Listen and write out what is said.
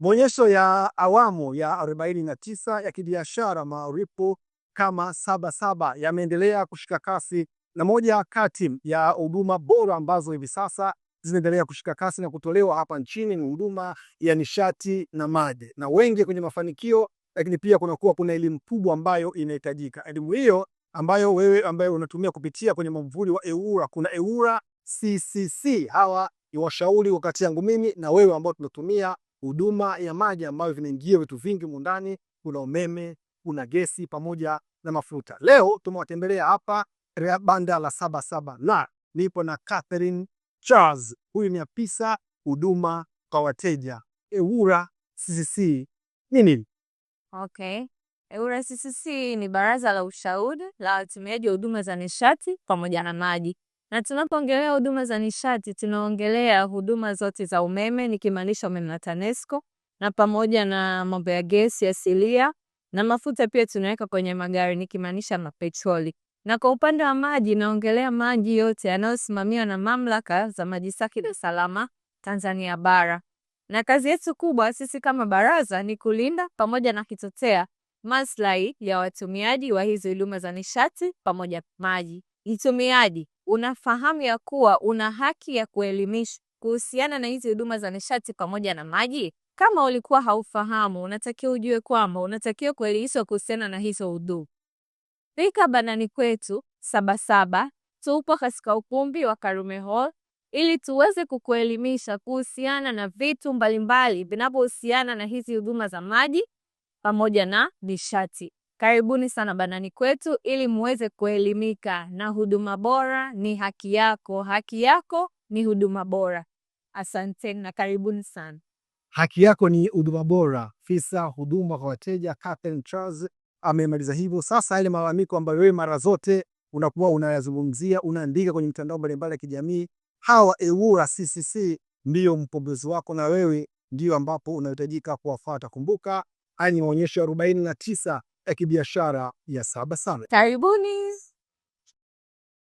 Maonyesho ya awamu ya 49 na tisa ya kibiashara maarufu kama Sabasaba yameendelea kushika kasi na moja kati ya huduma bora ambazo hivi sasa zinaendelea kushika kasi na kutolewa hapa nchini ni huduma ya nishati na maji, na wengi kwenye mafanikio, lakini pia kunakuwa kuna elimu kubwa ambayo inahitajika. Elimu hiyo ambayo wewe ambayo unatumia kupitia kwenye mvuli wa Eura, kuna Eura CCC. Hawa ni washauri wakati yangu mimi na wewe ambao tunatumia huduma ya maji ambayo vinaingia vitu vingi mundani, kuna umeme, kuna gesi pamoja na mafuta. Leo tumewatembelea hapa banda la Sabasaba na nipo na Catherine Charles, huyu ni afisa huduma kwa wateja EWURA CCC. Ni nini? Okay. EWURA CCC ni baraza la ushauri la watumiaji wa huduma za nishati pamoja na maji na tunapoongelea huduma za nishati tunaongelea huduma zote za umeme, nikimaanisha umeme na TANESCO na pamoja na mambo ya gesi asilia na mafuta pia tunaweka kwenye magari nikimaanisha mapetroli. Na kwa upande wa maji naongelea maji yote yanayosimamiwa na mamlaka za maji safi na salama Tanzania bara. Na kazi yetu kubwa sisi kama baraza ni kulinda pamoja na kitotea maslahi ya watumiaji wa hizo huduma za nishati pamoja maji. itumiaji unafahamu ya kuwa una haki ya kuelimishwa kuhusiana na hizi huduma za nishati pamoja na maji? Kama ulikuwa haufahamu, unatakiwa ujue kwamba unatakiwa kuelimishwa kuhusiana na hizo huduma. Fika Banani Kwetu Sabasaba, tupo katika ukumbi wa Karume Hall ili tuweze kukuelimisha kuhusiana na vitu mbalimbali vinavyohusiana na hizi huduma za maji pamoja na nishati. Karibuni sana Banani kwetu ili muweze kuelimika, na huduma bora ni haki yako, haki yako ni huduma bora. Asanteni na karibuni sana. Haki yako ni huduma bora. Fisa huduma kwa wateja Catherine Charles amemaliza hivyo. Sasa yale malalamiko ambayo wewe mara zote unakuwa unayazungumzia, unaandika kwenye mitandao mbalimbali ya kijamii, hawa EWURA CCC ndiyo mpombezi wako na wewe ndio ambapo unahitajika kuwafuata. Kumbuka haya ni maonyesho arobaini na tisa أكيد يا الشارع يسعى بسارة تعرفوني